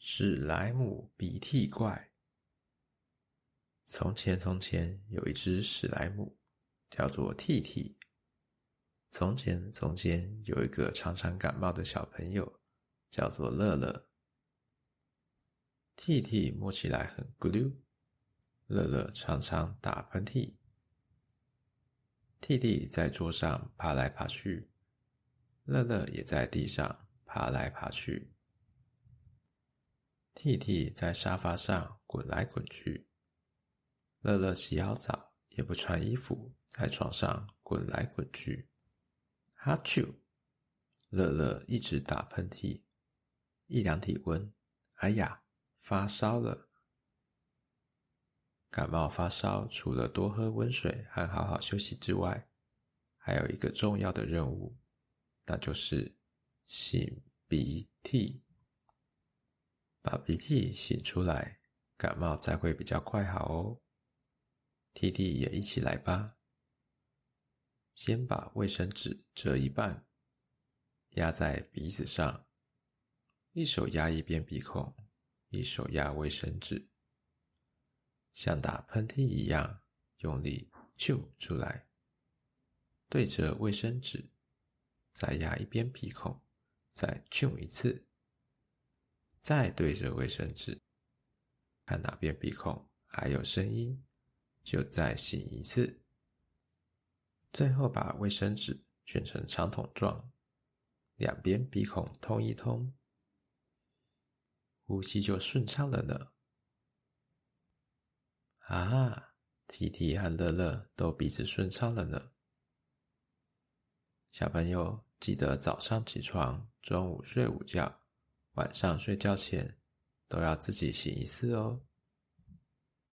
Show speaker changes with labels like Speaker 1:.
Speaker 1: 史萊姆鼻涕怪。從前，從前有一隻史萊姆，叫做涕涕。從前，從前有一個常常感冒的小朋友，叫做樂樂。涕涕摸起來很咕溜，樂樂常常打噴嚏。弟弟在桌上爬來爬去，樂樂也在地上爬來爬去。弟弟在沙發上滾來滾去，樂樂洗好澡也不穿衣服，在床上滾來滾去。哈啾！樂樂一直打噴嚏，一量體溫，哎呀，發燒了。感冒發燒，除了多喝溫水和好好休息之外，還有一個重要的任務，那就是擤鼻涕。把鼻涕擤出來，感冒才會比較快好哦。涕涕也一起來吧。先把衛生紙折一半，壓在鼻子上，一手壓一邊鼻孔，一手壓衛生紙。像打噴嚏一樣用力啾出來，對着衛生紙，再壓一邊鼻孔，再啾一次，再對着衛生紙，看哪邊鼻孔還有聲音，就再擤一次。最後把衛生紙捲成長筒狀，兩邊鼻孔通一通，呼吸就順暢了呢。啊，涕涕和樂樂都鼻子順暢了呢。小朋友記得早上起床、中午睡午覺、晚上睡覺前，都要自己擤一次哦。